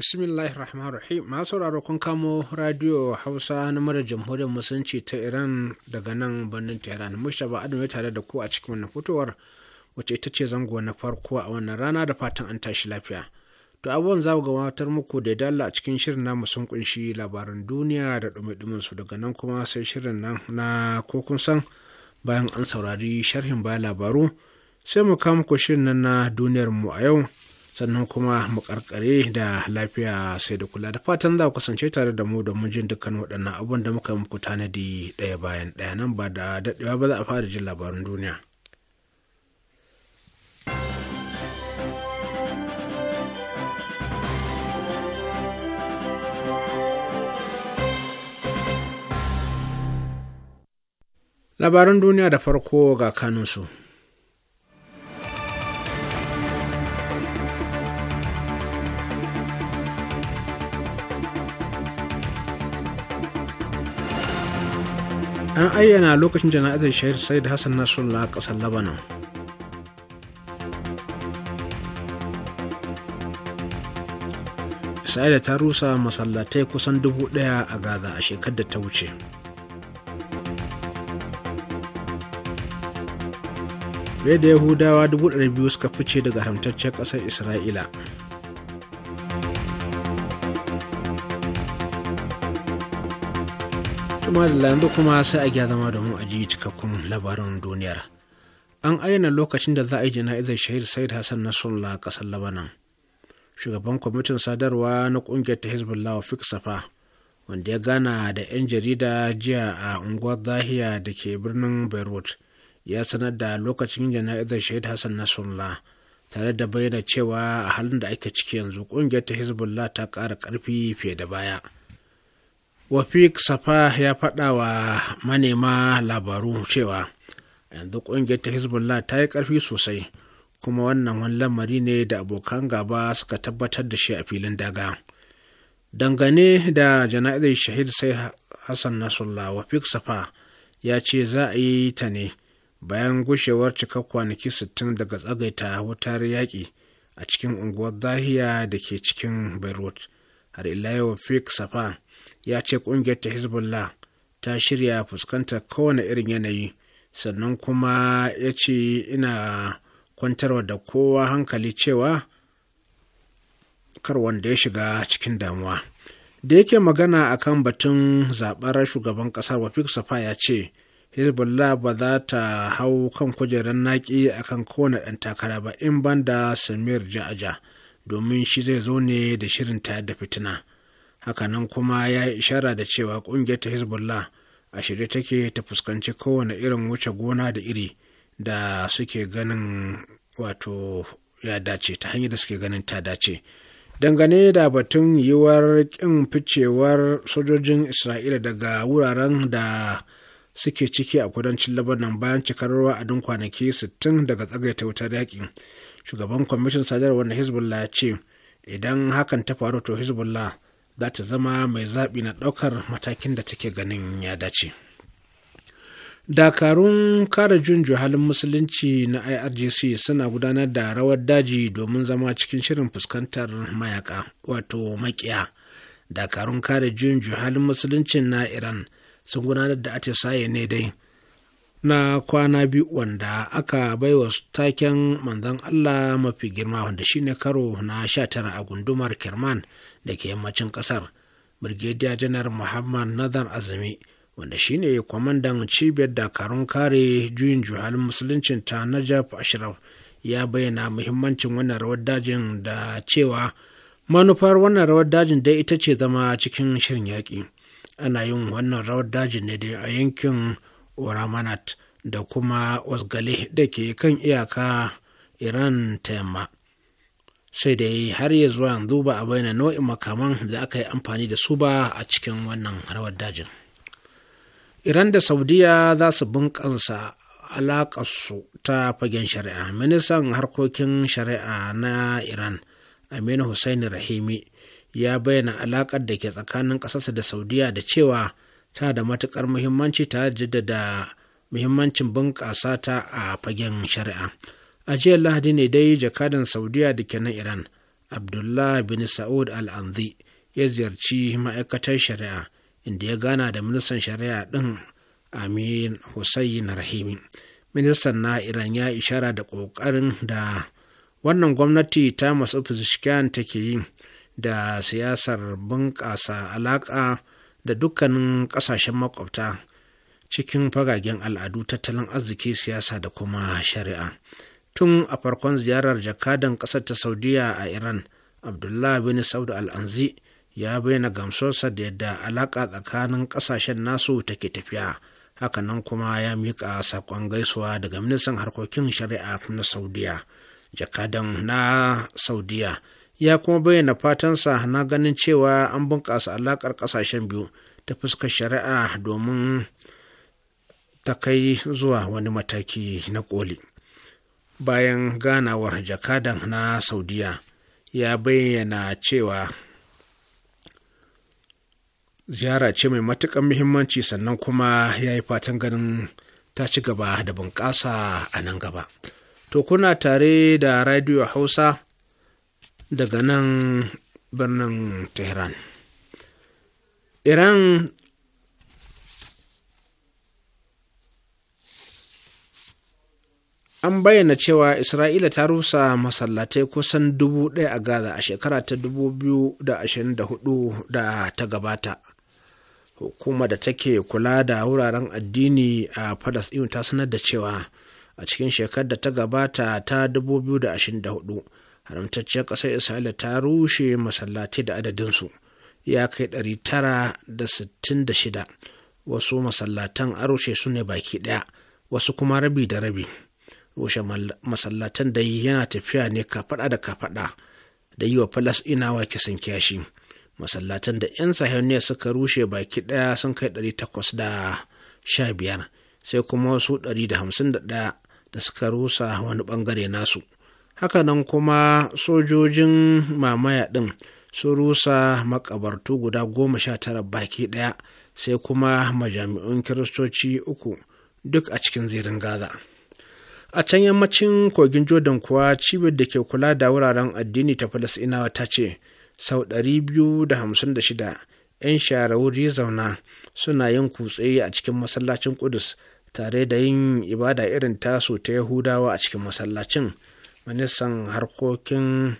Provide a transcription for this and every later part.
bismillahir rahmanir rahim masu sauraro kun kamo radio hausa na mara jamhuriyar musulunci ta iran daga nan birnin tehran ba adam ya tare da ku a cikin wannan fitowar wacce ita ce zango na farko a wannan rana da fatan an tashi lafiya to abubuwan za mu gabatar muku da dalla a cikin shirin na sun kunshi labaran duniya da dumi-dumin su daga nan kuma sai shirin nan na ko kun san bayan an saurari sharhin bayan labaru sai mu kawo muku shirin nan na duniyar mu a yau sannan kuma mu karkare da lafiya sai da kula da fatan za ku kasance tare da mu domin jin dukkan waɗannan abin da muka muku tanadi ɗaya bayan ɗaya nan ba da daɗewa ba za a fara jin labarin duniya. Labaran duniya da farko ga kanunsu. an ayyana lokacin jana'izar shahid said hassan nasrullah a ƙasar labanan isra'ila ta rusa masallatai kusan dubu ɗaya a gaza a shekar da ta wuce fiye da yahudawa dubu 200 biyu suka fice daga haramtaccen ƙasar isra'ila Tuma da lambu kuma sai a gya zama da mu a ji cikakkun labarin duniyar. An ayyana lokacin da za a yi jana'izar shahid Said Hassan Nasrullah ƙasar Labanan. Shugaban kwamitin sadarwa na ƙungiyar ta Hezbollah wa Fiksafa, wanda ya gana da 'yan jarida jiya a unguwar Zahiya da ke birnin Beirut ya sanar da lokacin jana'izar shahid Hassan Nasrullah tare da bayyana cewa a halin da ake ciki yanzu ƙungiyar ta Hezbollah ta ƙara ƙarfi fiye da baya. wafik safa ya faɗa wa manema labaru cewa yanzu ƙungiyar ta hezbollah ta yi ƙarfi sosai kuma wannan wani lamari ne da abokan gaba suka tabbatar da shi a filin daga dangane da jana'izar shahid sai hassan nasrullah wafik safa ya ce za a yi ta ne bayan gushewar cikar kwanaki 60 daga tsagaita wutar yaƙi a cikin unguwar zahiya da ke cikin beirut har ila yau fik safa ya ce ƙungiyarta ta hezbollah ta shirya fuskantar kowane irin yanayi sannan kuma ya ce ina kwantarwa da kowa hankali cewa kar wanda ya shiga cikin damuwa da yake magana a kan batun zaɓar shugaban ƙasar wafik safa ya ce hezbollah ba za ta hau kan kujerar naƙi akan kowane ɗan takara ba in banda samir ja'aja domin shi zai zo ne da shirin tayar da fitina hakanan kuma ya yi ishara da cewa ƙungiyar ta hezbollah a shirye take ta fuskanci kowane irin wuce gona da iri da suke ganin wato ya dace ta hanyar da suke ganin ta dace dangane da batun yiwuwar ƙin ficewar sojojin isra'ila daga wuraren da suke ciki a kudancin labanan bayan cikar dun kwanaki 60 daga tsagaita wutar yakin shugaban kwamitin sadarwar na hezbollah ce idan hakan ta faru to hezbollah za ta zama mai zaɓi na ɗaukar matakin da take ganin ya dace dakarun kare junjo halin musulunci na irgc suna gudanar da rawar daji domin zama cikin shirin fuskantar mayaka wato makiya dakarun kare junjo halin musulunci na iran sun gudanar da atisaye ne dai na kwana biyu wanda aka baiwa taken manzan Allah mafi girma wanda shine karo na 19 a gundumar Kerman da ke yammacin Kasar, brigadier janar muhammad nazar azumi wanda shine kwamandan cibiyar dakarun kare juyin juhalin musuluncin ta najaf ashraf ya bayyana muhimmancin wannan rawar dajin da cewa manufar wannan rawar dajin dai ita ce zama cikin shirin yaƙi ana yin wannan rawar dajin ne dai a yankin oramanat da kuma osgale da ke kan iyaka iran ta yamma sai da yi har ya zuwa yanzu ba a bayyana nau'in makaman da aka yi amfani da su ba a cikin wannan rawar dajin iran da saudiya za su bunƙasa alaƙarsu ta fagen shari'a ministan harkokin shari'a na iran aminu hussaini rahimi ya bayyana alaƙar da ke tsakanin ƙasarsa da saudiya da cewa ta da matuƙar muhimmanci ta jaddada muhimmancin bunƙasa ta a fagen shari'a a jiya lahadi ne dai jakadan saudiya da ke na iran abdullah bin sa'ud al-anzi ya ziyarci ma'aikatar shari'a inda ya gana da ministan shari'a ɗin amin hussein rahimi ministan na iran ya ishara da ƙoƙarin da wannan gwamnati ta masu fizishkiyan take yi da siyasar bunƙasa alaƙa da dukkanin ƙasashen makwabta cikin fagagen al'adu tattalin arziki siyasa da kuma shari'a tun a farkon ziyarar jakadan ƙasar ta saudiya a iran abdullah bin saud al'anzi ya bayyana gamsuwarsa da yadda alaƙa tsakanin ƙasashen nasu take tafiya hakanan kuma ya miƙa saƙon gaisuwa daga ministan harkokin shari'a na saudiya jakadan na saudiya ya kuma bayyana fatansa na ganin cewa an bunƙasa alaƙar ƙasashen biyu ta fuskar shari'a domin ta kai zuwa wani mataki na koli bayan ganawar jakadan na saudiya ya bayyana cewa ziyara ce mai matuƙar muhimmanci sannan kuma ya yi fatan ganin ta ci gaba da bunƙasa a nan gaba to kuna tare da radio hausa daga nan birnin tehran iran an bayyana cewa isra'ila ta rusa masallatai kusan dubu ɗaya a gaza a shekara ta 2024 da ta gabata hukuma da take kula da wuraren addini a falasɗinu ta sanar da cewa a cikin shekarar da ta gabata ta 2024 haramtacciyar ƙasar isra'ila ta rushe masallatai da adadinsu ya kai tara da da sittin shida wasu masallatan a rushe su ne baki ɗaya wasu kuma rabi da rabi rushe masallatan da yana tafiya ne kafaɗa da kafaɗa da yi wa falasɗinawa kisan kyashi masallatan da 'yan sahiyoniya suka rushe baki ɗaya sun kai ɗari takwas da sha biyar sai kuma wasu ɗari da da ɗaya da suka rusa wani bangare nasu nan kuma sojojin mamaya ɗin sun rusa makabartu guda goma sha tara baki ɗaya sai kuma majami'un kiristoci uku duk a cikin zirin gaza. a can yammacin kogin jordan kuwa cibiyar da ke kula da wuraren addini ta Falasɗinawa ta ce sau 256 'yan shahararri zauna suna yin kutse a cikin masallacin kudus tare da yin ibada irin taso ta yahudawa a cikin masallacin ministan harkokin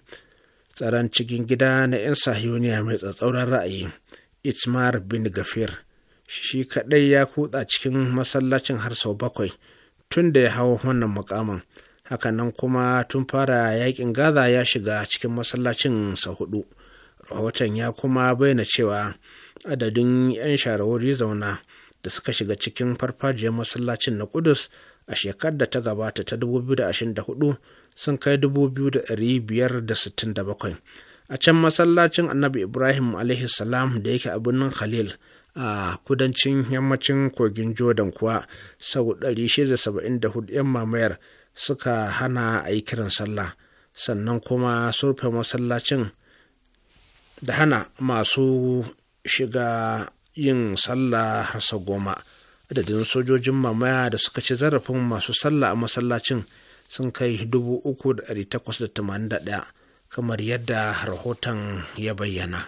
tsaron cikin gida na 'yan sahiyoniya mai tsatsauran ra'ayi itmar bin gafir shi kaɗai ya kutsa cikin masallacin har sau bakwai tun da ya hau wannan mukamin hakanan kuma tun fara yakin gaza ya shiga cikin masallacin sa hudu rahoton ya kuma bayyana cewa adadin 'yan sharawari zauna da suka shiga cikin farfajiyar masallacin na kudus a shekarar da ta gabata ta 2024 sun kai 2,567 a can masallacin annabi ibrahim salam da yake a birnin khalil a kudancin yammacin kogin jordan kuwa sau 674 'yan mamayar suka hana a yi kiran sallah sannan kuma surfe masallacin da hana masu shiga yin sallah har sau goma adadin sojojin mamaya da suka ci zarafin masu sallah a masallacin sun kai 381 kamar yadda rahoton ya bayyana.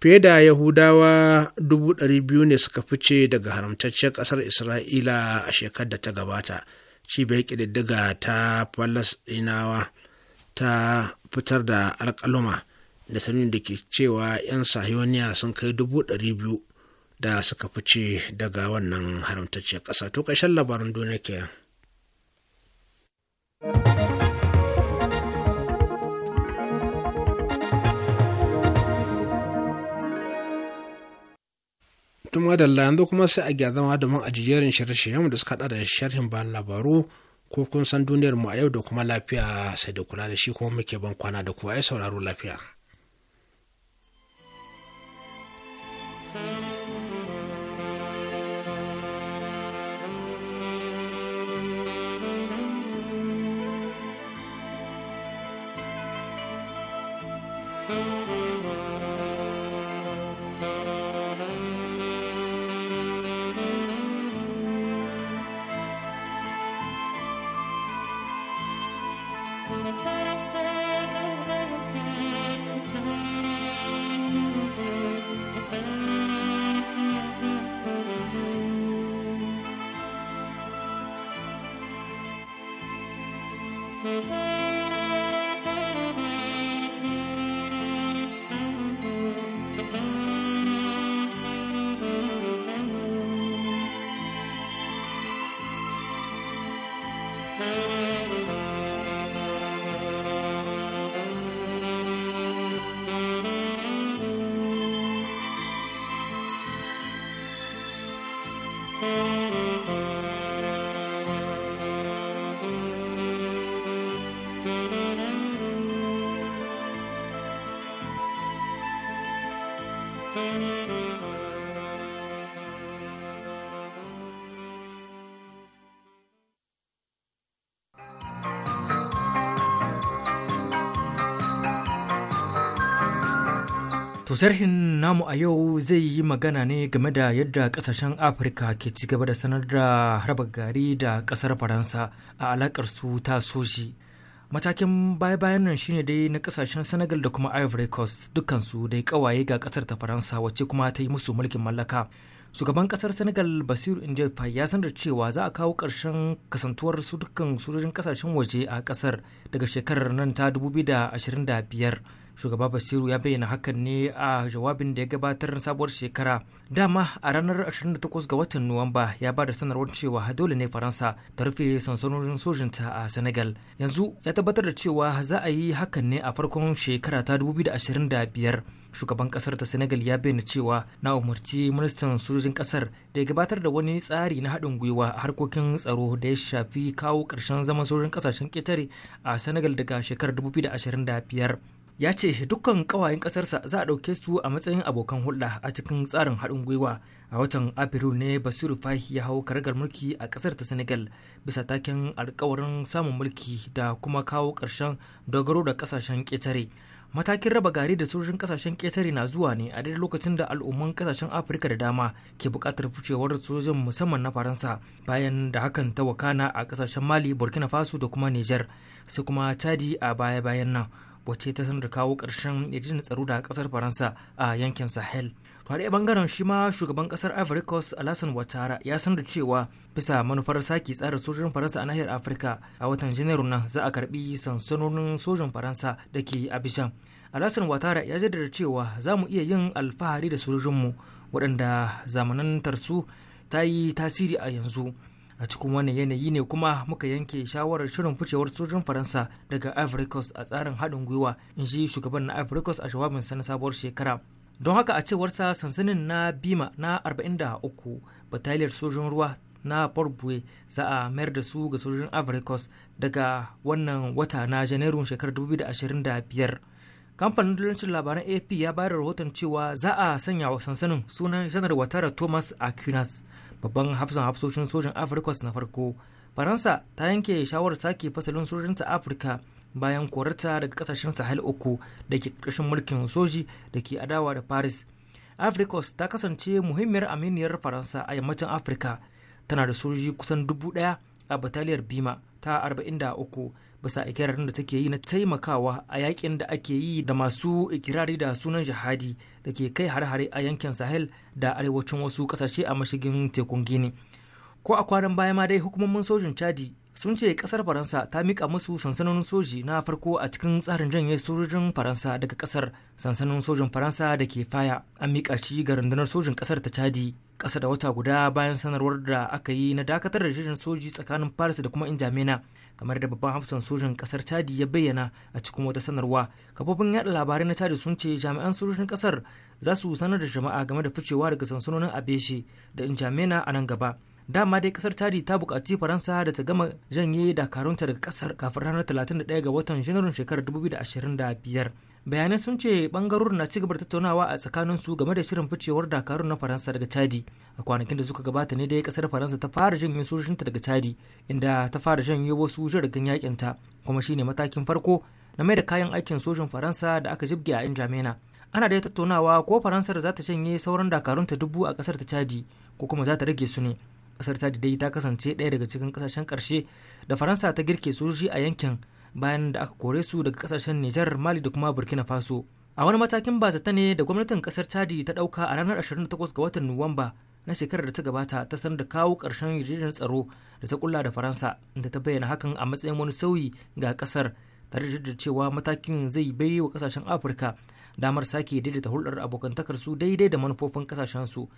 fiye da yahudawa dubu ɗari biyu ne suka fice daga haramtaccen ƙasar isra'ila a shekarar da ta gabata cibiyar ƙididdiga ta falasɗinawa ta fitar da alƙaluma da sanin da ke cewa 'yan sahiyoniya sun kai dubu ɗari biyu da suka fice daga wannan haramtaccen ƙasa to labaran duniya kenan. tun madalla yanzu kuma sai a da man ajiyarin shirye-shiryen da suka hada da sharhin bayan labaru ko kun san duniyar mu a yau da kuma lafiya sai da kula da shi kuma muke ban kwana da kuwa ya sauraro lafiya. To sarhin namu a yau zai yi magana ne game da yadda kasashen Afirka ke ci gaba da sanar da raba gari da kasar Faransa a alakar su ta soji. Matakin baya-bayan nan shine dai na kasashen Senegal da kuma Ivory Coast dukansu dai kawaye ga kasar ta Faransa wacce kuma ta yi musu mulkin mallaka. Shugaban kasar Senegal Basir Indjefa ya sanar cewa za a kawo ƙarshen kasantuwar su dukkan sojojin kasashen waje a kasar daga shekarar nan ta 2025. shugaba basiru ya bayyana hakan ne a jawabin da ya gabatar sabuwar shekara dama a ranar 28 ga watan nuwamba ya ba da sanarwar cewa dole ne faransa ta rufe sansanonin sojinta a senegal yanzu ya tabbatar da cewa za a yi hakan ne a farkon shekara ta 2025 shugaban kasar ta senegal ya bayyana cewa na umarci ministan sojojin kasar da ya gabatar da wani tsari na haɗin gwiwa a harkokin tsaro da ya shafi kawo ƙarshen zaman sojojin kasashen ƙetare a senegal daga shekarar 2025 ya ce dukkan kawayen kasarsa za a ɗauke su a matsayin abokan hulɗa a cikin tsarin haɗin gwiwa a watan afrilu ne basiru fahi ya hau karagar mulki a ƙasar ta senegal bisa taken alkawarin samun mulki da kuma kawo ƙarshen dogaro da ƙasashen ƙetare matakin raba gari da sojojin kasashen ƙetare na zuwa ne a daidai lokacin da al'umman kasashen afirka da dama ke buƙatar ficewar sojojin musamman na faransa bayan da hakan ta wakana a kasashen mali burkina faso da kuma niger sai kuma chadi a baya-bayan nan wacce ta sanar da kawo ƙarshen yajin tsaro da ƙasar faransa a yankin sahel to a bangaren shi ma shugaban ƙasar ivory coast alasan watara ya sanar da cewa bisa manufar sake tsara sojin faransa a nahiyar afirka a watan janairu nan za a karbi sansanonin sojin faransa da ke abidjan alasan watara ya jaddada cewa za mu iya yin alfahari da sojojinmu waɗanda zamanantar su ta yi tasiri a yanzu a cikin wani yanayi ne kuma muka yanke shawarar shirin ficewar sojin faransa daga ivory coast a tsarin haɗin gwiwa in ji shugaban na ivory coast a jawabinsa na sabuwar shekara don haka a cewarsa sansanin na bima na 43 bataliyar sojin ruwa na Borbue za a mayar da su ga sojin Ivory Coast daga wannan wata na Janairun shekarar 2025. Kamfanin dalancin labaran AP ya bayar da rahoton cewa za a sanya wa sansanin sunan Janar Watara Thomas Aquinas babban hafsan hafsoshin sojin afirka na farko faransa ta yanke shawarar sake fasalin sojinta afirka bayan korarta daga kasashen sahel uku da ke ƙarshen mulkin soji da ke adawa da paris africos ta kasance muhimmiyar aminiyar faransa a yammacin afirka tana da soji kusan dubu daya a bataliyar bima ta arba'in da uku. bisa ikirarin da take yi na taimakawa a yakin da ake yi da masu ikirari da sunan jihadi da ke kai har hare a yankin sahel da arewacin wasu kasashe a mashigin tekun gini ko a kwanan baya ma dai hukumomin sojin chadi sun ce kasar faransa ta mika musu sansanonin soji na farko a cikin tsarin janye sojojin faransa daga kasar sansanin sojin faransa da ke faya an mika shi ga rundunar sojin kasar ta chadi kasa da wata guda bayan sanarwar da aka yi na dakatar da jirgin soji tsakanin paris da kuma injamena kamar da babban hafsan sojan kasar chadi ya bayyana a cikin wata sanarwa kafofin yada labarai na chadi sun ce jami'an sojojin kasar za su sanar da jama'a game da ficewa daga sansanonin abeshi da injamena a nan gaba dama dai kasar chadi ta buƙaci faransa da ta gama janye dakarunta daga kasar kafin ranar 31 ga watan janairun shekarar 2025 bayanai sun ce bangarorin na cigaba da tattaunawa a tsakanin su game da shirin ficewar dakarun na faransa daga chadi a kwanakin da suka gabata ne dai kasar faransa ta fara janyo sojojinta daga chadi inda ta fara janyo wasu jirgin yakin ta kuma shine matakin farko na mai da kayan aikin sojin faransa da aka jibge a injamena ana da tattaunawa ko faransar za ta janye sauran ta dubu a kasar ta chadi ko kuma za ta rage su ne kasar chadi dai ta kasance ɗaya daga cikin kasashen ƙarshe da faransa ta girke sojoji a yankin bayan da aka kore su daga kasashen Nijar, Mali da kuma Burkina Faso. A wani matakin ba zata ne da gwamnatin kasar Chadi ta dauka a ranar 28 ga watan Nuwamba na shekarar da ta gabata ta sanar da kawo ƙarshen yarjejeniyar tsaro da ta kulla da Faransa inda ta bayyana hakan a matsayin wani sauyi ga kasar tare da cewa matakin zai bai wa kasashen Afirka damar sake daidaita hulɗar abokantakar su daidai da manufofin kasashen su.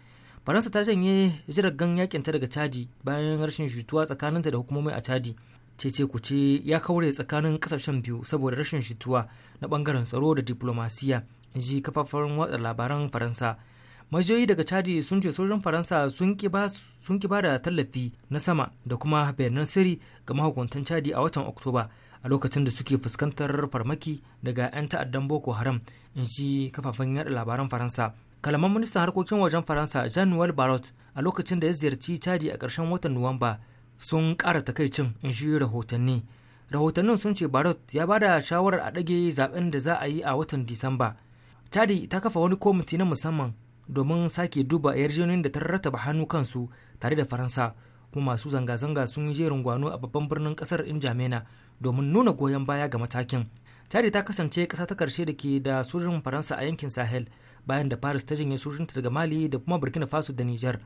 Faransa ta janye jiragen yakinta daga Chadi bayan rashin jituwa tsakaninta da hukumomi a Chadi. cece ku ce ya kaure tsakanin kasashen biyu saboda rashin shituwa na bangaren tsaro da diplomasiya ji kafafen watsa labaran faransa majiyoyi daga chadi sun ce sojin faransa sun ki ba da tallafi na sama da kuma bayanan sirri ga mahukuntan chadi a watan oktoba a lokacin da suke fuskantar farmaki daga 'yan ta'addan boko haram in ji kafafen yada labaran faransa kalaman ministan harkokin wajen faransa jean noel barot a lokacin da ya ziyarci chadi a ƙarshen watan nuwamba sun ƙara takaicin in shi rahotanni rahotannin sun ce barot ya bada shawarar a ɗage zaben da za a yi a watan disamba chadi ta kafa wani kwamiti na musamman domin sake duba yarjejeniyoyin da ta rattaba hannu kansu tare da faransa kuma masu zanga-zanga sun yi jerin gwano a babban birnin kasar injamena domin nuna goyon baya ga matakin chadi ta kasance ƙasa ta karshe da ke da sojin faransa a yankin sahel bayan da paris ta janye sojinta daga mali da kuma burkina faso da nijar.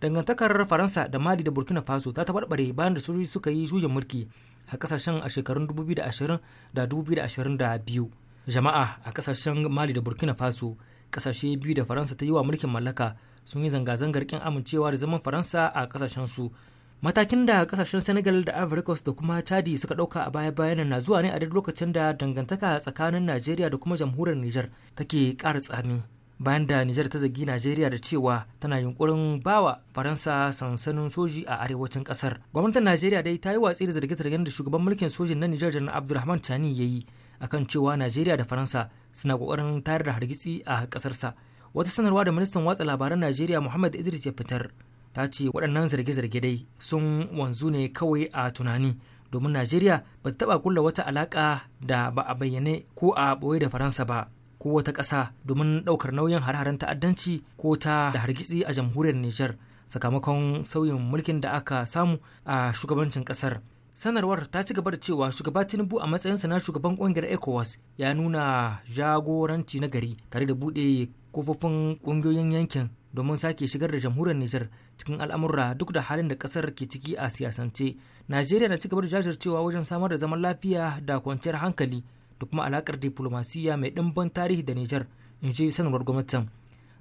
dangantakar faransa da mali da burkina faso ta tabarbare bayan da sojoji suka yi juyin mulki a kasashen a shekarun 2020 da 2022 jama'a a kasashen mali da burkina faso kasashe biyu da faransa ta yi wa mulkin mallaka sun yi zanga-zangar kin amincewa da zaman faransa a kasashen su matakin da kasashen senegal da ivory da kuma chadi suka dauka a baya bayan na zuwa ne a duk lokacin da dangantaka tsakanin najeriya da kuma jamhuriyar niger take ƙara tsami bayan da Nijar ta zagi Najeriya da cewa tana yunkurin bawa Faransa sansanin soji a arewacin kasar. Gwamnatin Najeriya dai ta yi watsi da zarge-zargen da shugaban mulkin sojin na Nijar Janar Abdulrahman Tani ya yi akan cewa Najeriya da Faransa suna kokarin tayar da hargitsi a kasarsa. Wata sanarwa da ministan watsa labaran Najeriya Muhammad Idris ya fitar ta ce waɗannan zarge-zarge dai sun wanzu ne kawai a tunani domin Najeriya ba ta taɓa kulla wata alaƙa da ba a bayyane ko a ɓoye da Faransa ba. ko wata ƙasa domin ɗaukar nauyin har haren ta'addanci ko ta da hargitsi a jamhuriyar Nijar sakamakon sauyin mulkin da aka samu a shugabancin ƙasar. sanarwar ta ci gaba da cewa shugaba tinubu a matsayinsa na shugaban ƙungiyar ecowas ya nuna jagoranci na gari tare da buɗe kofofin ƙungiyoyin yankin domin sake shigar da jamhuriyar nijar cikin al'amura duk da halin da ƙasar ke ciki a siyasance najeriya na ci gaba da jajircewa wajen samar da zaman lafiya da kwanciyar hankali da kuma alakar diplomasiya mai ɗimban tarihi da Nijar in ji sanarwar gwamnatin.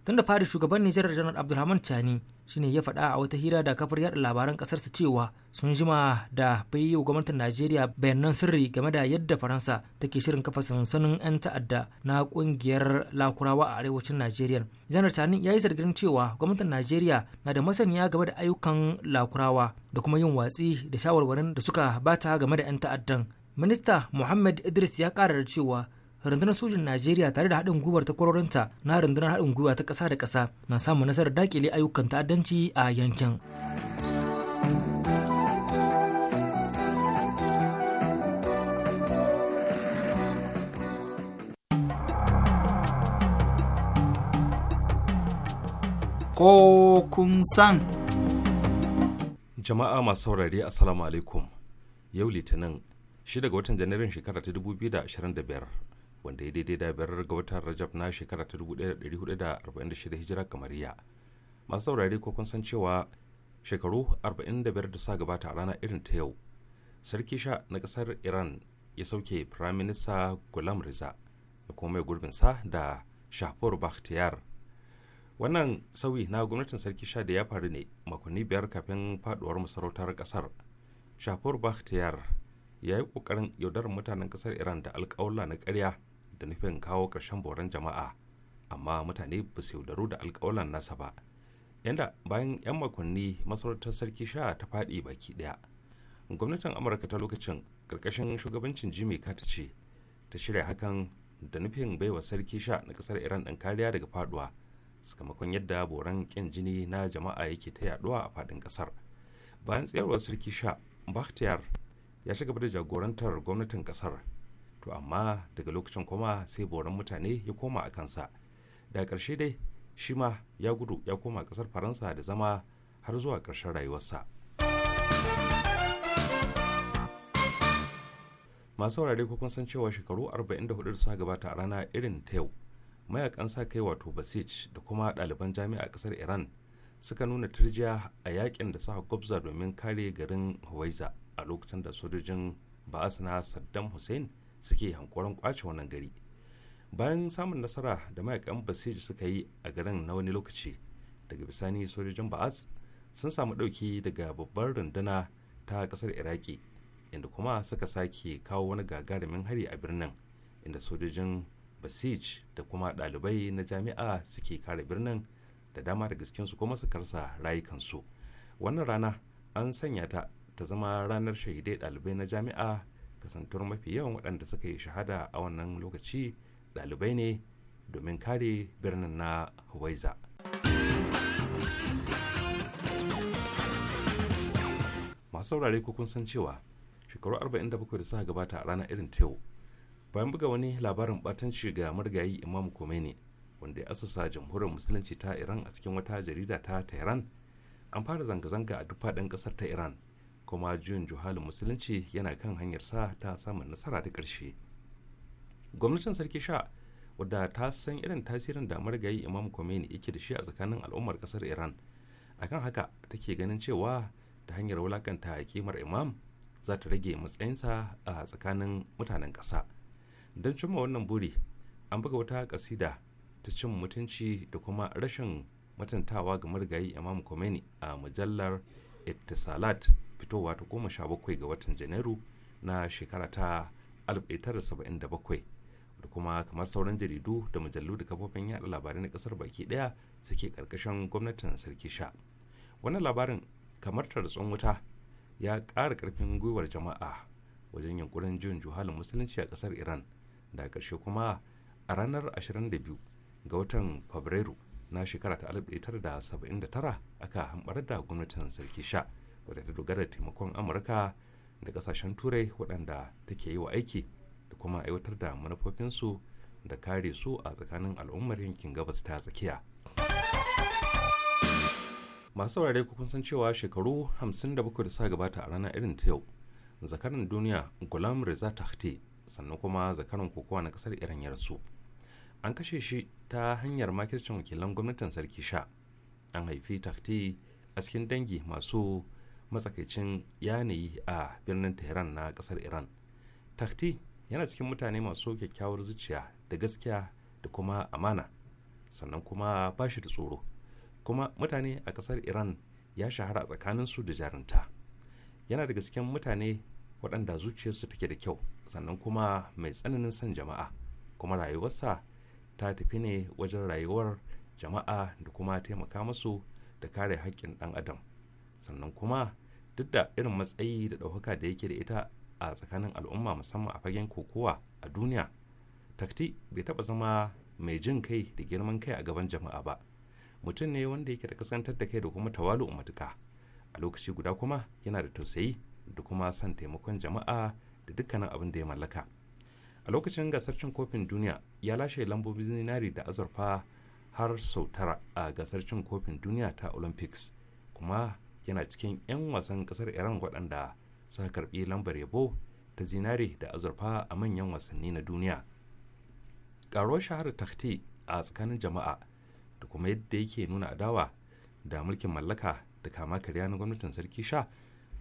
Tun da fari shugaban Nijar Janar Abdulrahman Chani shine ya faɗa a wata hira da kafar yaɗa labaran ƙasarsa cewa sun jima da bai gwamnatin Najeriya bayanan sirri game da yadda Faransa take shirin kafa sansanin 'yan ta'adda na ƙungiyar Lakurawa a arewacin Najeriya. Janar Chani ya yi zargin cewa gwamnatin Najeriya na da masaniya game da ayyukan Lakurawa da kuma yin watsi da shawarwarin da suka bata game da 'yan ta'addan minista muhammad idris ya ƙara da cewa rundunar sojin najeriya tare da haɗin gwiwar takwarorinta na rundunar haɗin gwiwa ta ƙasa da ƙasa na samun nasarar dakile ayyukan ta'addanci a yankin ko kun san jama'a masu saurare assalamu alaikum yau litinin shi daga watan janairun shekara ta 2025 wanda ya daidai da biyar ga watan rajab na shekara ta 1446 hijira kamariya masu saurari ko kun san cewa shekaru 45 da sa gabata a rana irin ta yau sarki sha na kasar iran ya sauke firaminista gulam riza da kuma mai sa da shahpur bakhtiyar wannan sauyi na gwamnatin sarki sha da ya faru ne makonni biyar kafin faduwar masarautar kasar shahpur bakhtiyar ya yi ƙoƙarin yaudarar mutanen ƙasar iran da alƙawalla na karya da nufin kawo ƙarshen boran jama'a amma mutane ba su yaudaru da alkawalan nasa ba yadda bayan 'yan makonni masarautar sarki sha ta faɗi baki ɗaya gwamnatin amurka ta lokacin ƙarƙashin shugabancin jimmy carter ce ta shirya hakan da nufin baiwa sarki sha na ƙasar iran ɗin kariya daga faduwa, sakamakon yadda boran ƙin jini na jama'a yake ta yaɗuwa a faɗin ƙasar bayan tsayarwar sarki sha bakhtiyar ya shiga da jagorantar gwamnatin kasar to amma daga lokacin kuma sai boran mutane ya koma a kansa daga ƙarshe dai shi ma ya gudu ya koma kasar faransa da zama har zuwa ƙarshen rayuwarsa masu saurare ko san cewa shekaru 44 da suka gabata a rana irin ta yau mayakan sa kai wato basij da kuma ɗaliban jami'a ƙasar iran suka nuna turjiya a yakin da suka gwabza domin kare garin hawaiza a lokacin da sojojin ba'as na saddam hussein suke hankoron kwace wannan gari bayan samun nasara da mayakan basij suka yi a garin na wani lokaci daga bisani sojojin ba'as sun samu ɗauki daga babbar rundana ta ƙasar iraki inda kuma suka sake kawo wani gagarumin hari a birnin inda sojojin basij da kuma ɗalibai na jami'a suke kare birnin da dama da gaskensu kuma suka rasa rayukansu wannan rana an sanya ta ta zama ranar shahidai ɗalibai na jami'a kasantuwar mafi yawan waɗanda suka yi shahada a wannan lokaci ɗalibai ne domin kare birnin na Hawaiza. masu saurare ko kun san cewa shekaru 47 da suka gabata a ranar irin ta yau bayan buga wani labarin batanci ga marigayi imam ne wanda ya asasa jamhuriyar musulunci ta iran a cikin wata jarida ta tehran an fara zanga-zanga a duk faɗin ƙasar ta iran kuma juyin juhalin musulunci yana kan hanyar sa ta samun nasara ta ƙarshe gwamnatin sarki sha wadda ta san irin tasirin da marigayi imam Khomeini yake da shi a tsakanin al'ummar kasar iran akan haka take ganin cewa ta hanyar wulakanta kimar imam za ta rage matsayinsa a tsakanin mutanen ƙasa don cimma wannan buri an buga wata kasida ta cin mutunci da kuma rashin matantawa ga marigayi imam Khomeini a mujallar ittisalat fitowa ta goma sha bakwai ga watan janairu na shekara ta 1977 da kuma kamar sauran jaridu da mujallu da kafofin yada labarai na kasar baki daya suke karkashin gwamnatin sarki sha wannan labarin kamar ta tarzon wuta ya ƙara karfin gwiwar jama'a wajen yunkurin jin juhalin musulunci a kasar iran da karshe kuma a ranar 22 ga watan fabrairu na shekara ta 1979 aka hambar da gwamnatin sarki sha wadda ta dogara da taimakon amurka da kasashen turai waɗanda take yi wa aiki da kuma aiwatar da manufofinsu da kare su a tsakanin al'ummar yankin gabas ta tsakiya masu saurare kun san cewa shekaru 57 da sa gabata a ranar irin ta yau zakaran duniya gulam reza tahti sannan kuma zakaran kokowa na kasar iran yarsu an kashe shi ta hanyar makircin wakilan gwamnatin sarki sha an haifi tahti a cikin dangi masu matsakaicin yanayi a birnin tehran na kasar iran takti yana cikin mutane masu kyakkyawar zuciya da gaskiya da kuma amana sannan kuma ba shi da tsoro kuma mutane a kasar iran ya shahara tsakanin su da jarinta yana daga cikin mutane waɗanda zuciyarsu take da kyau sannan kuma mai tsananin son jama'a kuma rayuwarsa ta tafi ne wajen rayuwar jama'a da kuma taimaka masu da kare haƙƙin ɗan adam sannan kuma duk da irin matsayi da ɗaukaka da yake da ita a tsakanin al'umma musamman a fagen kokowa a duniya takti bai taɓa zama mai jin kai da girman kai a gaban jama'a ba mutum ne wanda yake da kasantar da kai da kuma tawalu matuka a lokaci guda kuma yana da tausayi da kuma son taimakon jama'a da dukkanin abin da ya mallaka a lokacin gasar cin kofin duniya ya lashe lambobi zinari da azurfa har sau tara a gasar cin kofin duniya ta olympics kuma yana cikin 'yan wasan kasar iran waɗanda suka karbi lambar yabo ta zinare da azurfa a manyan wasanni na duniya ƙaruwar shahara takti a tsakanin jama'a da kuma yadda yake nuna adawa da mulkin mallaka da kama karya na gwamnatin sarki sha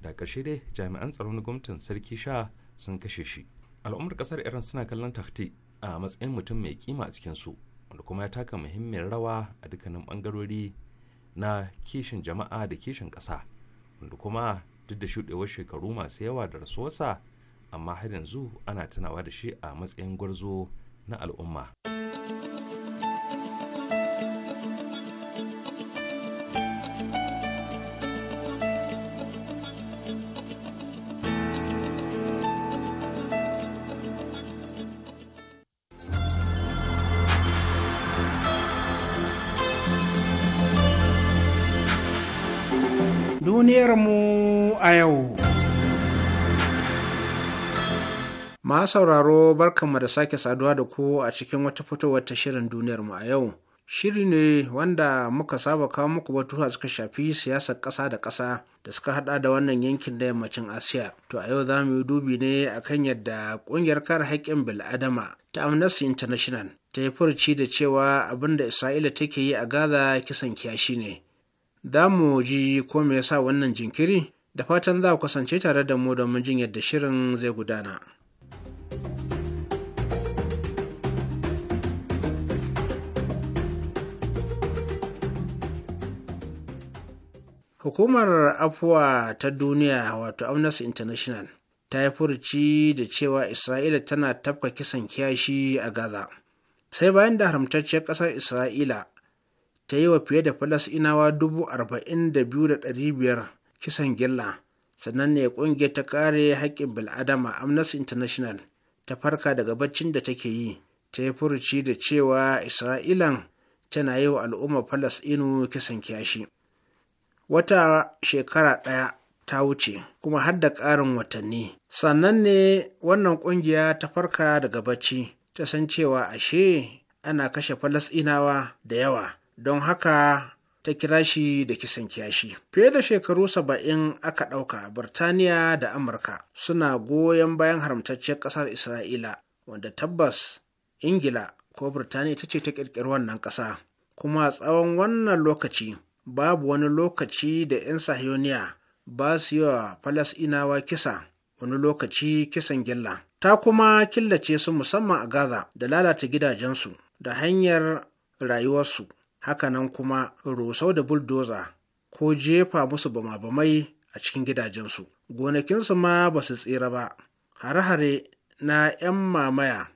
da ƙarshe dai jami'an tsaro na gwamnatin sarki sha sun kashe shi al'ummar ƙasar iran suna kallon takti a matsayin mutum mai kima a cikinsu wanda kuma ya taka muhimmiyar rawa a dukkanin bangarori na kishin jama'a da kishin ƙasa wanda kuma duk da shuɗewar shekaru masu yawa da rasuwarsa amma har yanzu ana tunawa da shi a matsayin gwarzo na al'umma. Duniyarmu a yau. Ma sauraro barkanmu da sake saduwa da ku a cikin wata fitowar ta shirin mu a yau. Shiri ne wanda muka saba kawo muku batu a suka shafi siyasar ƙasa da ƙasa da suka hada da wannan yankin da yammacin Asiya. To a yau za mu yi dubi ne a kan yadda ƙungiyar kar haƙƙin bil'adama ta Amnesty International ta yi furuci da cewa abin da Isra'ila take yi a Gaza kisan kiyashi ne. Da mu ji ko me yasa wannan jinkiri da fatan za ku kasance tare da mu domin jin yadda shirin zai gudana. Hukumar afuwa ta duniya wato Amnesty International ta yi furuci da cewa Isra'ila tana tafka kisan kiyashi a Gaza. Sai bayan da haramtacciyar ƙasar Isra'ila ta yi wa fiye da falasinawa dubu arba'in da biyu da ɗari biyar kisan gilla sannan ne ƙungiyar ta ƙare haƙƙin bil'adama amnesty international ta farka daga baccin da take yi ta yi furuci da cewa isra'ilan tana yi wa al'ummar falasɗinu kisan kiyashi wata shekara ɗaya ta wuce kuma har da ƙarin watanni sannan ne wannan ƙungiya ta farka daga bacci ta san cewa ashe ana kashe falasɗinawa da yawa don haka ta kira shi da kisan kiyashi. Fiye da shekaru saba'in aka ɗauka Birtaniya da Amurka suna goyon bayan haramtacciyar ƙasar Isra'ila wanda tabbas Ingila ko Birtaniya ta ce ta ƙirƙiri wannan ƙasa. Kuma tsawon wannan lokaci babu wani lokaci da 'yan Sahiyoniya ba su yi wa Falasɗinawa kisa wani lokaci kisan gilla. Ta kuma killace su musamman a Gaza da lalata gidajensu da hanyar rayuwarsu hakanan kuma rusau da buldoza ko jefa musu bama-bamai a cikin gidajensu gonakinsu ma ba su tsira ba hare-hare na 'yan mamaya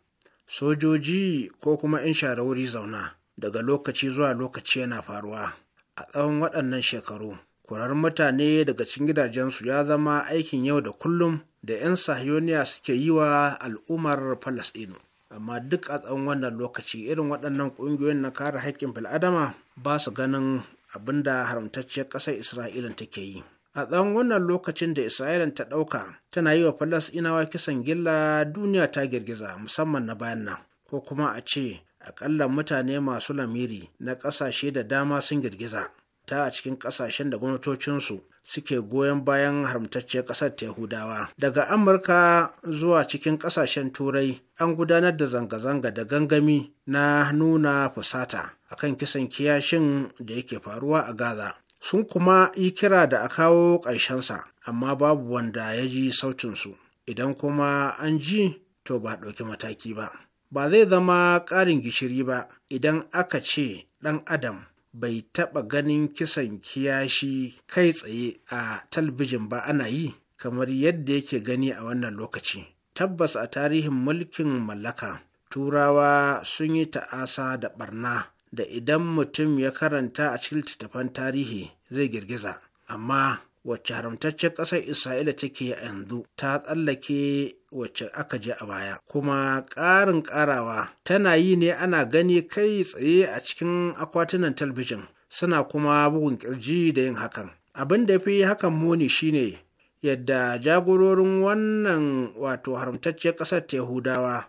sojoji ko kuma 'yan sharawuri zauna daga lokaci zuwa lokaci yana faruwa a tsawon waɗannan shekaru kurar mutane daga cikin gidajensu ya zama aikin yau da kullum da 'yan sahiyoniya suke yi wa al'ummar falasɗinu amma duk a tsawon wannan lokaci irin waɗannan ƙungiyoyin na kare haƙƙin bil'adama ba su ganin abin da haramtacciyar ƙasar Isra'ila take yi a tsawon wannan lokacin da Isra'ilan ta ɗauka tana yi wa falasɗinawa kisan gilla duniya ta girgiza musamman na bayan nan ko kuma a ce aƙalla mutane masu lamiri na ƙasashe da dama sun girgiza ta a cikin ƙasashen da gwamnatocinsu suke goyon bayan haramtacciyar ƙasar ta Yahudawa. Daga Amurka zuwa cikin ƙasashen Turai an gudanar da zanga-zanga da gangami na nuna fusata a kan kisan kiyashin da yake faruwa a Gaza. Sun kuma yi kira da a kawo ƙarshensa, amma babu wanda ya ji sautinsu. Idan kuma an ji, to ba ɗauki mataki ba. Ba zai zama ƙarin gishiri ba idan aka ce ɗan Adam bai taɓa ganin kisan kiyashi kai tsaye a talbijin ba ana yi kamar yadda yake gani a wannan lokaci tabbas a tarihin mulkin mallaka turawa sun yi ta'asa da barna da idan mutum ya karanta a cikin littattafan tarihi zai girgiza amma wacce haramtaccen ƙasar isra'ila take a yanzu ta tsallake wacce aka je a baya kuma ƙarin ƙarawa tana yi ne ana gani kai tsaye a cikin akwatunan talbijin suna kuma bugun kirji da yin hakan abin da fi hakan muni shine yadda jagororin wannan wato haramtacciyar ƙasar yahudawa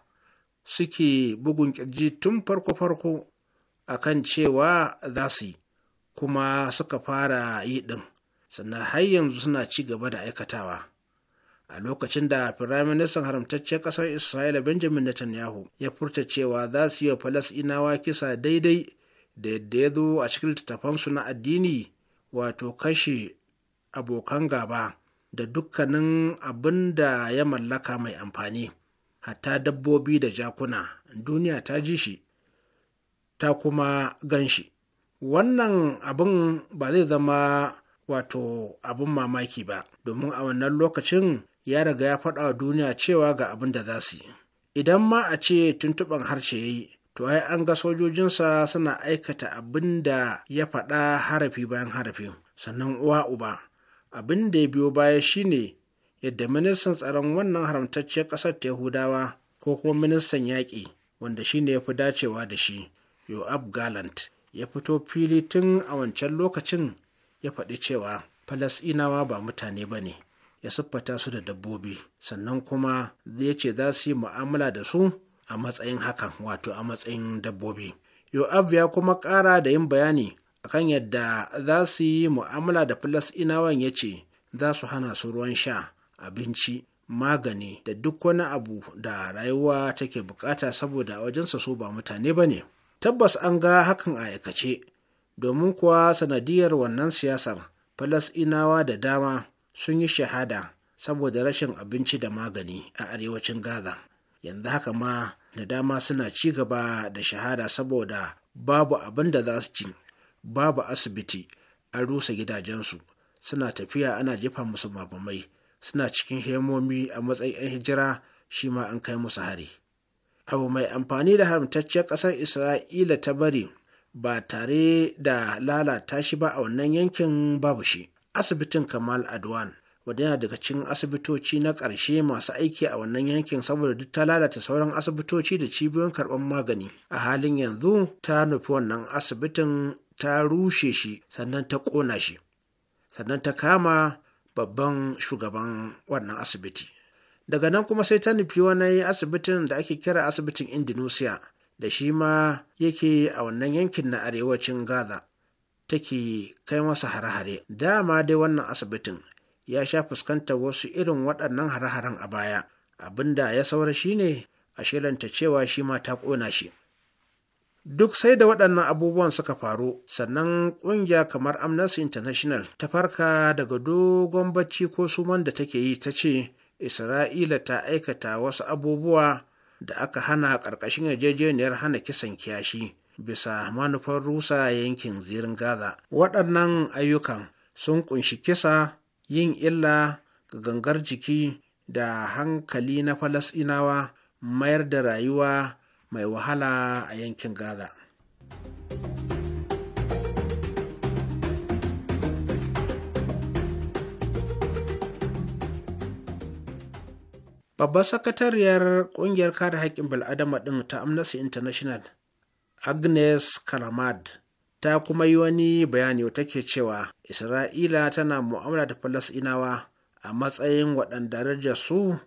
suke bugun kirji tun farko-farko akan cewa za su yi kuma suka fara yi ɗin sannan har yanzu suna ci gaba da aikatawa a lokacin da firaministan haramtaccen ƙasar isra'ila benjamin netanyahu ya furta cewa za su yi wa falasinawa kisa daidai da yadda ya zo a cikin littattafansu na addini wato kashe abokan gaba da dukkanin abin da ya mallaka mai amfani hatta dabbobi da jakuna duniya ta ji shi ta kuma gan shi wannan abin ba zai zama wato abin mamaki ba domin a wannan lokacin ya riga ya faɗa wa duniya cewa ga abin da za su yi idan ma a ce tuntuɓin harshe ya yi to ai an ga sojojinsa suna aikata abin da ya faɗa harafi bayan harafi sannan uwa uba abin da ya biyo baya shine yadda ministan tsaron wannan haramtacciyar ƙasar ta yahudawa ko kuma ministan yaƙi wanda shine ya fi dacewa da shi yoab gallant ya fito fili tun a wancan lokacin ya faɗi cewa falasɗinawa ba mutane ba ne ya siffata su da dabbobi sannan kuma zai ce za su yi mu'amala da su a matsayin hakan wato a matsayin dabbobi yo'ab ya kuma ƙara da yin bayani a kan yadda za su yi mu'amala da falasɗinawan ya ce za su hana su ruwan sha abinci magani da duk wani abu da rayuwa take bukata saboda wajensa su ba mutane ba ne tabbas an ga hakan a aikace domin kuwa sanadiyar wannan siyasar falasinawa da dama sun yi shahada saboda rashin abinci da magani a arewacin gaza yanzu haka ma da dama suna ci gaba da shahada saboda babu abin da za su ci babu asibiti an rusa gidajensu suna tafiya ana jefa musu mabamai suna cikin hemomi a matsayin 'yan hijira shi ma an kai musu hari abu mai amfani da haramtacciyar ƙasar isra'ila ta bari ba tare da lalata shi ba a wannan yankin babu shi asibitin kamal adwan wadda yana daga cikin asibitoci na ƙarshe masu aiki a wannan yankin saboda duk ta lalata sauran asibitoci da cibiyoyin karɓar magani a halin yanzu ta nufi wannan asibitin ta rushe shi sannan ta ƙona shi sannan ta kama babban shugaban wannan asibiti daga nan kuma sai ta nufi wani asibitin da ake kira asibitin indonesia da shi ma yake a wannan yankin na arewacin gaza take kai masa hare-hare dama dai wannan asibitin ya sha fuskantar wasu irin waɗannan hare-haren a baya abinda ya saura shine a shirinta cewa shi ma ta ƙona shi duk sai da waɗannan abubuwan suka faru sannan ƙungiya kamar amnesty international ta farka daga dogon bacci ko suman da take yi ta ce isra'ila ta aikata wasu abubuwa da aka hana ƙarƙashin yarjejeniyar hana kisan kiyashi bisa manufar rusa yankin zirin gaza waɗannan ayyukan sun kunshi kisa yin illa ga gangar jiki da hankali na falasinawa mayar da rayuwa mai wahala a yankin gaza babbar sakatariyar ƙungiyar kare haƙƙin bil'adama ɗin ta amnesty international agnes kalamad ta kuma yi wani bayani ke cewa isra'ila tana mu'amala da falasinawa a matsayin waɗanda darajar su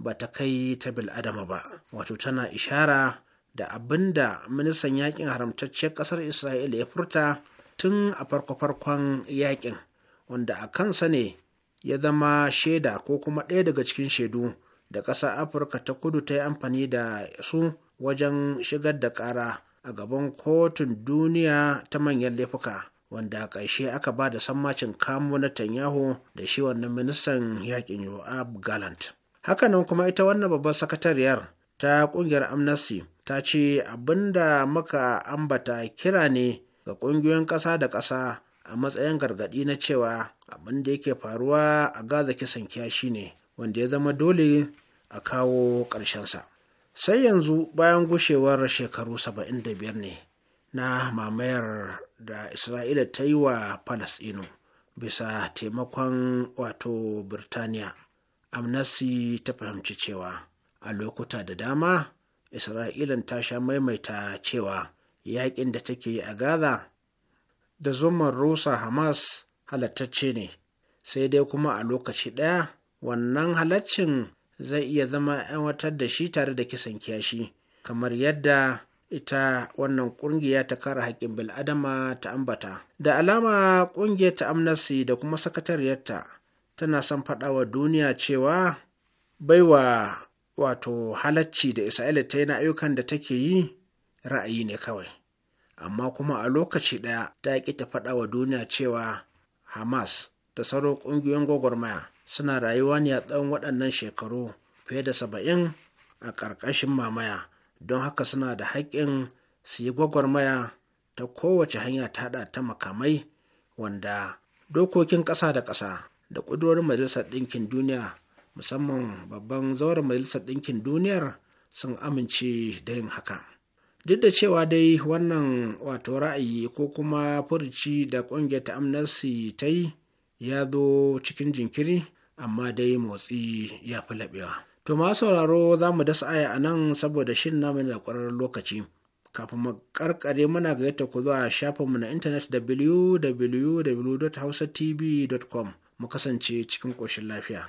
ba ta kai ta bil'adama ba wato tana ishara da abin da ministan yakin haramtacciyar ƙasar isra'ila ya furta tun a farko-farkon yakin wanda a kansa ne ya zama shaida ko kuma ɗaya daga cikin shaidu da ƙasar afirka ta kudu ta yi amfani da su wajen shigar da ƙara a gaban kotun duniya ta manyan laifuka wanda a ƙarshe aka ba da sammacin kamo na tanyahu da shi wannan ministan yakin yoab gallant hakanan kuma ita wannan babbar sakatariyar ta ƙungiyar amnesty ta ce abinda muka ambata kira ne ga ƙungiyoyin ƙasa da ƙasa a matsayin gargaɗi na cewa abin da yake faruwa a gaza kisan kiyashi ne. wanda ya zama dole a kawo ƙarshensa sai yanzu bayan gushewar shekaru 75 ne na mamayar da isra'ila ta yi wa falasɗinu bisa taimakon wato birtaniya amnesty ta fahimci cewa a lokuta da dama isra'ilan ta sha maimaita cewa yaƙin da take yi a gaza da zuman rusa hamas halattacce ne sai dai kuma a lokaci ɗaya wannan halaccin zai iya zama aiwatar da shi tare da kisan kiyashi kamar yadda ita wannan kungiya ta kare haƙƙin bil'adama ta ambata da alama kungiyar ta amnesty da kuma sakatariyarta tana son faɗawa duniya cewa baiwa wato halacci da isra'ila ta yi na ayyukan da take yi ra'ayi ne kawai amma kuma a lokaci ɗaya ta ƙi ta faɗawa duniya cewa hamas da sauran ƙungiyoyin gwagwarmaya suna rayuwa ne a tsawon waɗannan shekaru fiye da saba'in a ƙarƙashin mamaya don haka suna da haƙƙin su yi gwagwarmaya ta kowace hanya ta haɗa ta makamai wanda dokokin ƙasa da ƙasa da ƙudurorin majalisar ɗinkin duniya musamman babban zauren majalisar ɗinkin duniyar sun amince da yin haka duk da cewa dai wannan wato ra'ayi ko kuma furici da ƙungiyar ta amnesty ta yi ya zo cikin jinkiri amma dai motsi ya fi laɓewa. To ma sauraro za mu dasa aya a nan saboda shin namu da ƙwararren lokaci. Kafin mu karkare muna gayyata ku zuwa shafinmu na intanet www.hausatv.com mu kasance cikin ƙoshin lafiya.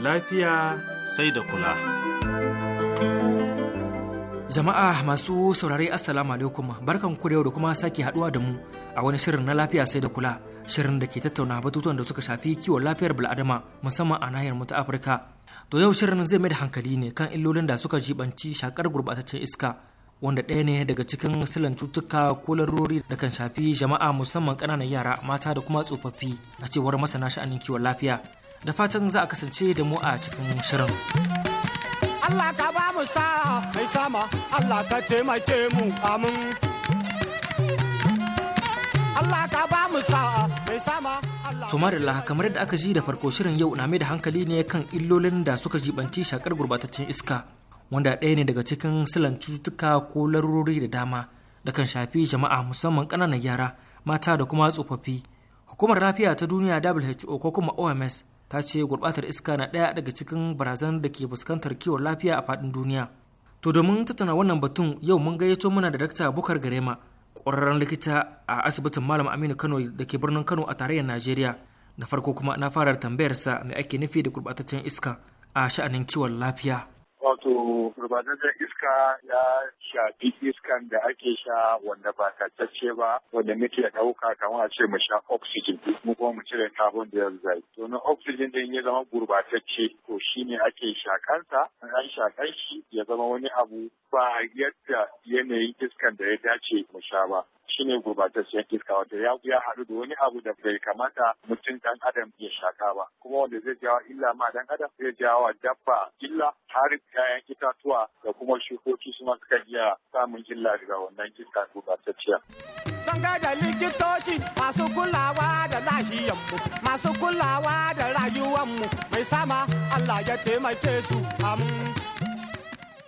lafiya sai da kula. Jama'a masu saurari Assalamu alaikum barkan ku da yau da kuma sake haduwa da mu a wani shirin na lafiya sai da kula shirin da ke tattauna batutuwan da suka shafi kiwon lafiyar bil'adama musamman a nahiyar mu ta Afirka. To yau shirin zai mai da hankali ne kan illolin da suka jibanci shakar gurbataccen iska wanda ɗaya ne daga cikin silan cutuka ko larurori da kan shafi jama'a musamman ƙananan yara mata da kuma tsofaffi a cewar masana sha'anin kiwon lafiya da fatan za a kasance da mu a cikin shirin. Allah ka ba mu sa mai sama Allah ka taimake mu amin. Allah ka ba mu sa mai sama Tumarilla kamar yadda aka ji da farko shirin yau na mai da hankali ne kan illolin da suka jibanci shakar gurbataccen iska wanda ɗaya ne daga cikin silan cututtuka ko larurori da dama da kan shafi jama'a musamman ƙananan yara mata da kuma tsofaffi hukumar lafiya ta duniya who ko kuma oms ta ce gurbatar iska na ɗaya daga cikin barazan da ke fuskantar kiwon lafiya a faɗin duniya to domin tattauna wannan batun yau mun gayyato muna da dakta bukar garema ƙwararren likita a asibitin malam aminu kano da ke birnin kano a tarayyar najeriya na farko kuma na fara tambayarsa mai ake nufi da gurbataccen iska a sha'anin kiwon lafiya Wato da iska ya shafi iskan da ake sha wanda ba tatacce ba wanda muke ɗauka kamar a ce mu sha oxygen mu kuma mu cire carbon dioxide. To na oxygen din ya zama gurbatacce to shine ake shakansa an shakan shi ya zama wani abu ba yadda yanayin iskan da ya dace mu sha ba. shine gurbatacciyar iska wato ya ya haɗu da wani abu da bai kamata mutum dan adam ya shaka ba kuma wanda zai jawo illa ma dan adam zai jawo dabba illa har kayan itatuwa da kuma shukoki su ma suka iya samun illa daga wannan iska gurbatacciya. ga da likitoci masu kulawa da lahiyanmu, masu kulawa da rayuwanmu mai sama Allah ya taimake su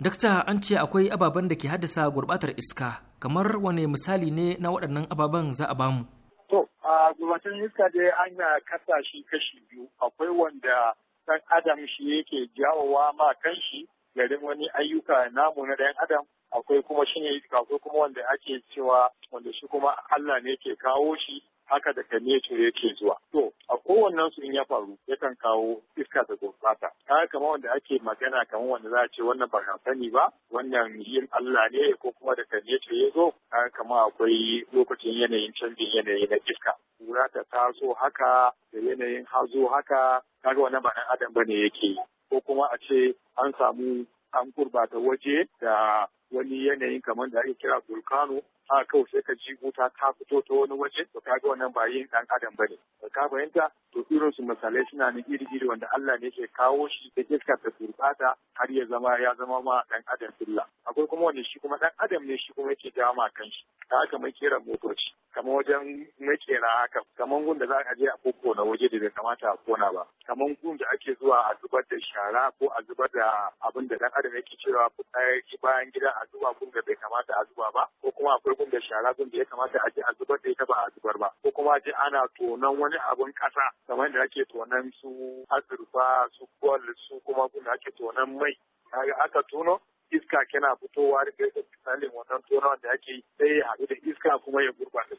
Dakta an ce akwai ababen da ke haddasa gurbatar iska kamar wane misali ne na waɗannan ababen za a bamu to a iska dai ana kasa shi kashi biyu akwai wanda ɗan adam shi yake jawowa ma kanshi garin wani ayyuka namu na ɗan adam akwai kuma shine iska akwai kuma wanda ake cewa wanda shi kuma Allah ne ke kawo shi haka da nature yake zuwa. To, a kowannen su in ya faru yakan kawo iska da gurbata. Kaga kama wanda ake magana kamar wanda za a ce wannan ba kan sani ba, wannan yin Allah ne ko kuma da nature ya zo, kaga kama akwai lokacin yanayin canjin yanayi na iska. Kura ta taso haka da yanayin hazo haka, Ta wannan ba ɗan adam bane yake yi. ko kuma a ce an samu an gurbata waje da wani yanayin kamar da ake kira vulcano a kawai sai ka ji wuta ta fito ta wani waje to ga wannan ba yin dan adam bane ka fahimta to irin su misalai suna nan iri iri wanda Allah ne ke kawo shi da iska ta turbata har ya zama ya zama ma dan adam billa akwai kuma wanda shi kuma dan adam ne shi kuma yake dama kan shi ta aka mai kera motoci kamar wajen mai kera haka kamar gun da za ka je a koko na waje da bai kamata a kona ba kamar gun da ake zuwa a zubar da shara ko a zubar da abin da dan adam yake cewa fitsari bayan gida a zuba gun da bai kamata a zuba ba ko kuma akwai akwai da shara gun da ya kamata a je a zubar da ita ba a zubar ba ko kuma a je ana tonon wani abun kasa kamar da ake tonon su azurfa su gol su kuma gun da ake tonon mai kaga aka tono iska kana fitowa da misalin wannan tonon da ake sai ya haɗu da iska kuma ya gurɓata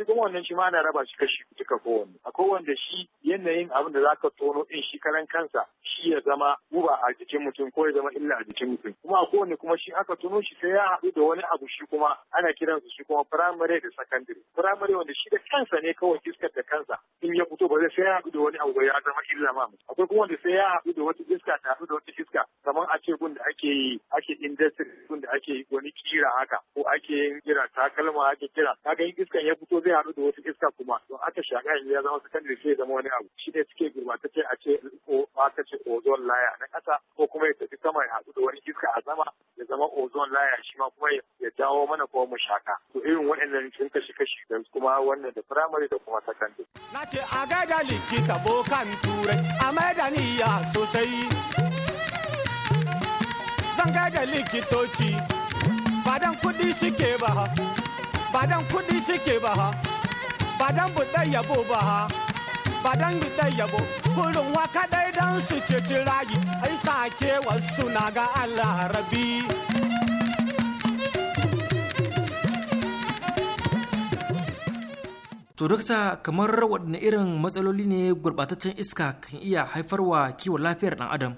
shi kuma wannan shi ma ana raba shi kashi duka kowanne akwai wanda shi yanayin abin da zaka tono din shi karan kansa shi ya zama guba a jikin mutum ko ya zama illa a jikin mutum kuma a kowanne kuma shi aka tono shi sai ya haɗu da wani abu shi kuma ana su shi kuma primary da secondary primary wanda shi da kansa ne kawai iskar da kansa in ya fito ba zai sai ya haɗu da wani abu ya zama illa ma mutum. akwai kuma wanda sai ya haɗu da wata iska ta haɗu da wata iska kamar a ce gun da ake yi ake industry gun da ake wani kira haka ko ake yin kira takalma ake kira kaga yin iskan ya fito zai haɗu da wasu iska kuma to aka shaka yanzu ya zama secondary sai zama wani abu shi ne suke gurbatacce a ce ko aka ce ozone layer na ƙasa ko kuma ya tafi sama ya haɗu da wani iska a sama ya zama ozone laya shi ma kuma ya jawo mana kuma mu shaka to irin waɗannan sun kashi kashi da kuma wannan da primary da kuma secondary. Na ce a gaida likita bokan turai a maida niyya sosai. sanga da likitoci badan kudi suke ba ha badan kudi suke ba ha badan budai yabo ba ha badan budai yabo kurun waka dai dan su ceci rayi ai sake wasu na ga Allah rabi To dokta kamar waɗanne irin matsaloli ne gurɓataccen iska kan iya haifarwa kiwon lafiyar ɗan adam?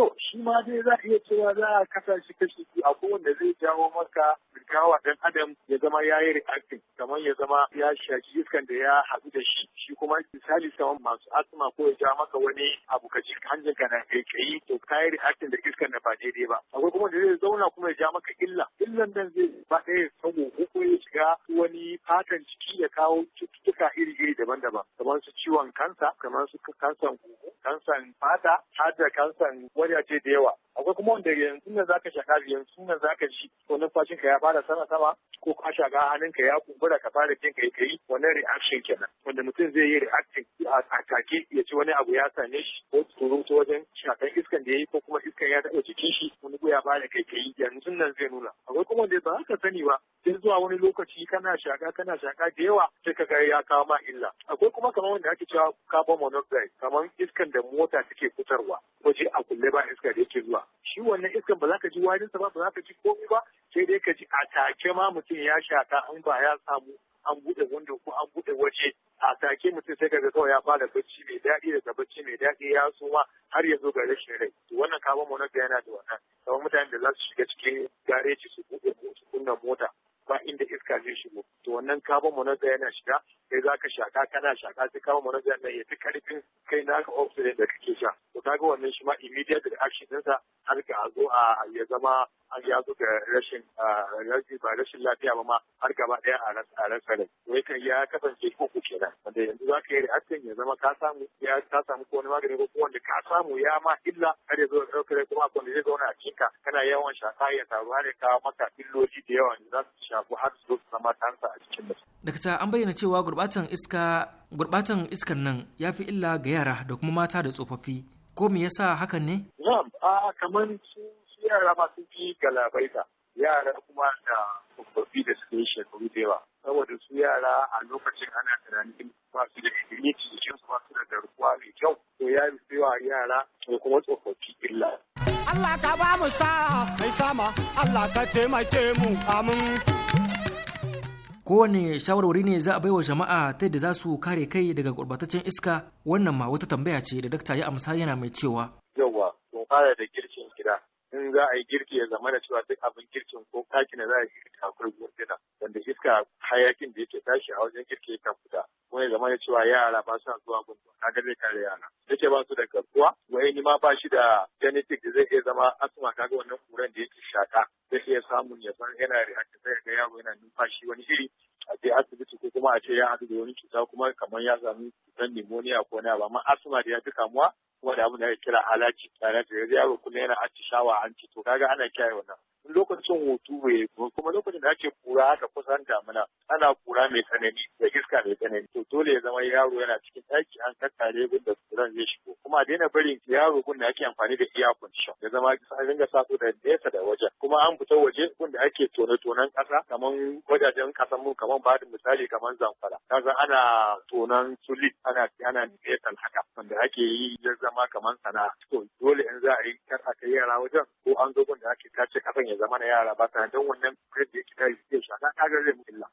To shi ma dai za a iya cewa za a kasa shi kashi biyu a kowanne zai jawo maka birkawa dan adam ya zama ya yi reacting kamar ya zama ya shaki iskan da ya haɗu da shi shi kuma misali saman masu asma ko ya jawo maka wani abu ka ji hanjin ka na kai to ka yi reacting da iskan da ba daidai ba akwai kuma da zai zauna kuma ya ja maka illa illan nan zai ba ɗaya sabo ko ya shiga wani fatan ciki ya kawo cututtuka iri-iri daban-daban kamar su ciwon kansa kamar su kansan kansan fata har da kansan wajaje da yawa akwai kuma wanda yanzu ne zaka shaka yanzu ne zaka ji ko numfashin ka ya fara sama sama ko ka shaka hannun ka ya kumbura ka fara jin kai kai wannan reaction kenan wanda mutum zai yi reaction a take ya ci wani abu ya same shi ko surutu wajen shakan iskan da yayi ko kuma iskan ya taɓa jikin shi wani ya fara kai kai yanzu nan zai nuna akwai kuma wanda ba ka sani ba sai zuwa wani lokaci kana shaka kana shaka da yawa sai ka ga ya kawo ma illa akwai kuma kamar wanda ake cewa carbon monoxide kamar iskan da mota take fitarwa waje a kulle ba iska da yake zuwa shi wannan iskan ba za ka ji warinsa ba ba za ka ji komai ba sai dai ka ji a take ma mutum ya shaka an ba ya samu an bude wando ko an bude waje a take mutum sai ga kawai ya fara bacci mai daɗi daga bacci mai daɗi ya suma har ya zo ga rashin rai to wannan carbon monoxide yana da wannan kamar mutanen da za su shiga cikin gareji su buɗe su kunna mota iska shi mu to wannan carbon monoxide yana shiga sai zaka shaka kana shaka sai carbon monoxide nan ya fi karfin kai naka oxygen da kake sha to kaga wannan shi ma immediate reaction sa har ka zo a ya zama an ya zo ga rashin ba rashin lafiya ba ma har gaba ɗaya a rasa rai to yakan ya kasance ko ku kenan wanda yanzu za yi reaction ya zama ka samu ya ka samu ko wani magani ko wanda ka samu ya ma illa har ya zo ɗaukar rai kuma wanda zai zauna a cikin kana yawan shaka ya taru har ya kawo maka illoli da yawa da za su shafu har su kamata a cikin mutum. Dakta an bayyana cewa gurbatan iska iskar nan ya fi illa ga yara da kuma mata da tsofaffi ko me yasa hakan ne? Na'am, a kamar su yara ma sun fi galabaita yara kuma da tsofaffi da suke shekaru da yawa saboda su yara a lokacin ana tunanin ba su da ilimi cikin su ba su da garkuwa mai kyau to ya fi yara da kuma tsofaffi illa. Allah ka ba mu sa'a mai sama Allah ka taimake mu amin. kowane shawarwari ne za a baiwa jama'a ta yadda za su kare kai daga gurbataccen iska wannan ma wata tambaya ce da dakta ya amsa yana mai cewa yawa sun fara da girkin gida in za a yi girki ya zama da cewa duk abin girkin ko kakina za a yi girki akwai gudana wanda iska hayakin da yake tashi a wajen girki yakan fita kuma ya zama da cewa yara ba sa zuwa gungun na zai kare yara yake ba su da garkuwa wani ma ba shi da genetic da zai iya zama asma kaga wannan kuran da yake shaka zai iya samun ya san yana da ga yaro yana numfashi wani iri kuma a ce ya haɗu da wani cuta kuma kamar ya sami cutar pneumonia ko na ba amma asma da ya fi kamuwa kuma da abin da ya kira halaci yanzu da yaro kuma yana atishawa an ci to kaga ana kiyaye wannan lokacin hutu bai kuma lokacin da ake kura haka kusan damina ana kura mai tsanani da iska mai tsanani to dole ya zama yaro yana cikin ɗaki an kakkare gun da suran zai shigo kuma a daina barin yaro gun da ake amfani da iya condition ya zama an dinga sa su da nesa da wajen kuma an fita waje gun da ake tone tonen ƙasa kamar wajajen ƙasan mu kamar ba da misali kamar zamfara kaga ana tonan sulit ana ana nesa haka wanda ake yi ya zama kamar sana'a to dole in za a yi kar a kai yara wajen ko an zo gun da ake tace kasan ya zama na yara ba sa don wannan da ya ta zai shaka kaga zai mu illa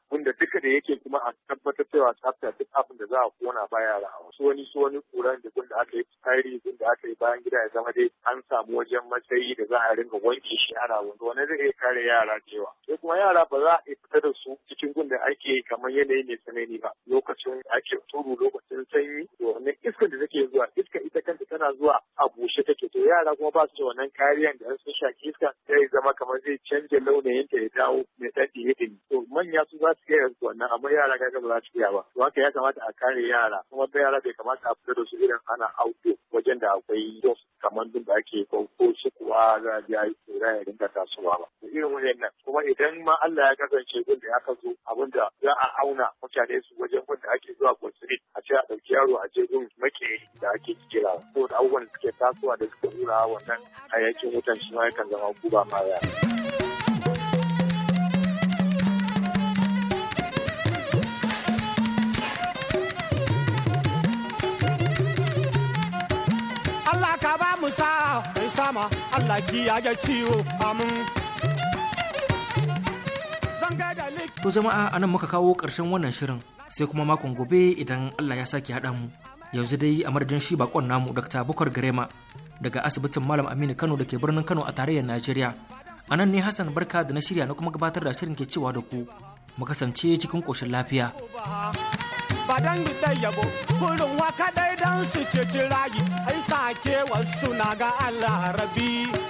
haka da yake kuma a tabbatar cewa tsafta duk abin da za a kona ba yara a wasu wani su wani kuran da gunda aka yi tsari gun aka yi bayan gida ya zama dai an samu wajen matsayi da za a ringa wanke shi ana wanda wani zai iya kare yara cewa. sai kuma yara ba za a iya fita da su cikin gun da ake yi kamar yanayi mai tsanani ba lokacin ake turu lokacin sanyi to wannan iskar da take zuwa iska ita kanta tana zuwa a bushe take to yara kuma ba su da wannan kariyan da sun shaki iska zai zama kamar zai canja launayin ta ya dawo mai dan dimi to manya su za su iya wannan amma yara ga ba za su iya ba to haka ya kamata a kare yara kuma yara bai kamata a fita da su irin ana auto wajen da akwai dos kamar dun da ake ko su kuwa za a biya tsira ya dinga tasowa ba irin nan. kuma idan ma Allah ya kasance gun da ya kaso abinda za a auna mutane su wajen wanda ake zuwa ko a ce a dauki yaro a je gun make da ake kira ko da abubuwan da ke tasowa da suka hura wannan hayakin wutan shi ma yakan zama guba ma Allah ka ba mu sa mai sama Allah ga ciwo amin. To jama'a anan muka kawo ƙarshen wannan shirin sai kuma makon gobe idan Allah ya sake haɗa mu. yanzu dai a madadin shi bakon namu dr bukar garema daga asibitin malam aminu kano da ke birnin kano a tarayyar najeriya a nan ne hassan barka da na shirya na kuma gabatar da shirin ke cewa da ku mu kasance cikin koshin lafiya ba kurin waka dai dan su ci ai sake wasu na ga allah rabi